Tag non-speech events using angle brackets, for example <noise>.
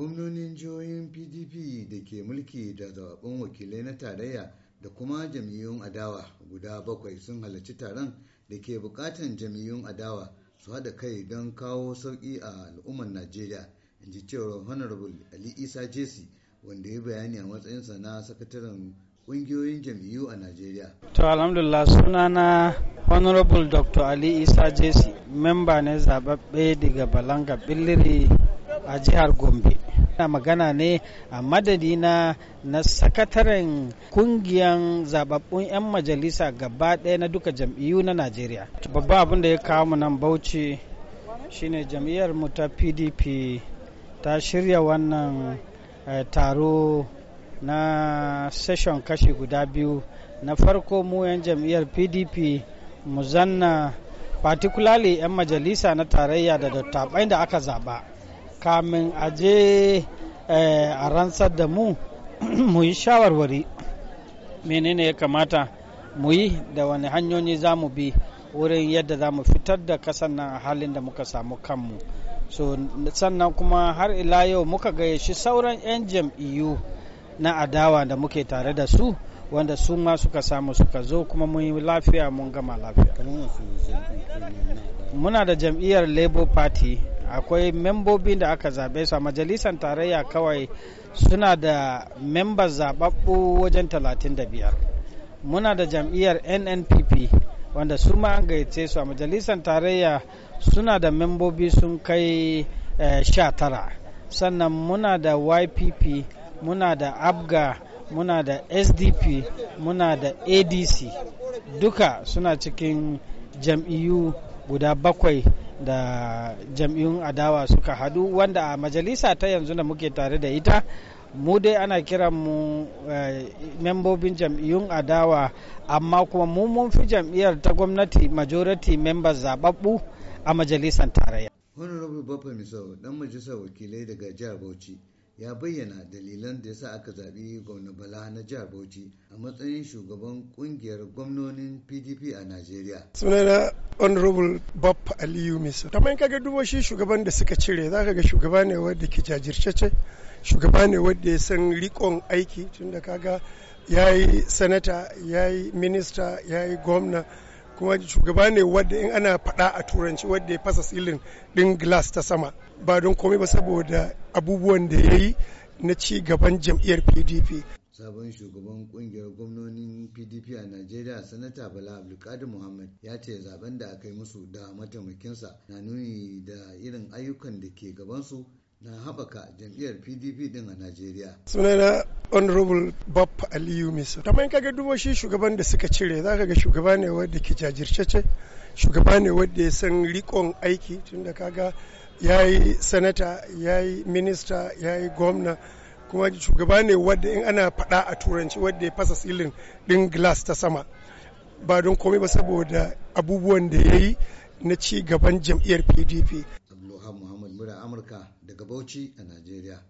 gwamnonin jihohin pdp da ke mulki da zaɓen wakilai na tarayya da kuma jam'iyyun adawa guda bakwai sun halarci taron da ke bukatan jam'iyyun adawa su haɗa kai don kawo sauƙi a al'ummar najeriya in ji cewa honorable ali isa jesi wanda ya bayani a matsayinsa na sakataren ƙungiyoyin jam'iyyu a najeriya to alhamdulillah sunana honorable dr ali isa jesi memba ne zababbe daga balanga billiri a jihar gombe na magana ne a madadi na sakataren kungiyar zababbun 'yan majalisa gaba ɗaya na duka jam'iyyu na najeriya babba abin da ya kawo mu nan bauchi shine jam'iyyar mu ta pdp ta shirya wannan eh, taro na session kashi guda biyu na farko mu 'yan jam'iyyar pdp mu zanna particularly 'yan majalisa na tarayya da dattabai da aka zaba kamin a je eh, a rantsar da mu <clears throat> mu yi shawarwari menene ya kamata mu yi da wani hanyoyi za mu bi wurin yadda za mu fitar da kasan nan a halin da muka samu kanmu so sannan kuma har ila yau muka shi sauran 'yan jam'iyyu na adawa da muke tare da su wanda su ma suka samu suka zo kuma mun yi lafiya mun gama lafiya muna da jam'iyyar labour party akwai membobin da aka zaɓe su a majalisar tarayya kawai suna da memba zaɓaɓɓu wajen 35 muna da jam'iyyar nnpp wanda su ma an gayyace su a majalisar tarayya suna da membobi sun kai eh, sha tara sannan muna da ypp muna da abga muna da sdp muna da adc duka suna cikin jam'iyyu guda bakwai da jam'iyyun adawa suka hadu wanda a majalisa ta yanzu da muke tare da ita mu dai ana kiran mu eh, membobin jam'iyyun adawa amma kuma mu mun fi jam'iyyar ta gwamnati majority members zababbu a majalisar tarayya honorable baffa misau dan majalisar wakilai daga jihar bauchi ya bayyana dalilan da yasa aka zaɓi gwamna bala na jihar bauchi a matsayin shugaban kungiyar gwamnonin pdp a najeriya sunana honorable bob aliyu misa man kaga dubo shi shugaban da suka cire za ka ga shugaba ne wadda ke jajirce shugaba ne wadda ya san rikon aiki tun tunda kaga ya yi sanata ya yi minista ya yi gwamna kuma shugaba ne wadda in ana faɗa a turanci wadda ya fasa silin ɗin glass ta sama ba don komai ba saboda abubuwan da ya yi na ci gaban jam'iyyar pdp sabon shugaban kungiyar gwamnonin pdp a najeriya sanata bala abdulkadir muhammad ya ce zaben da aka yi musu da mataimakinsa na nuni da irin ayyukan da ke gabansu na haɓaka jam'iyyar pdp din a najeriya sunana honorable bob aliyu miso kamar kaga dubo shi shugaban da suka cire za ka ga shugaba ne wadda ke jajirce shugaba ne wadda ya san rikon aiki tun da kaga ya yi sanata ya yi minista ya yi gwamna kuma shugaba ne wadda in ana faɗa a turanci wadda ya fasa silin ɗin glass ta sama ba don komai ba saboda abubuwan da ya yi na ci gaban jam'iyyar pdp Amurka daga Bauchi a Najeriya.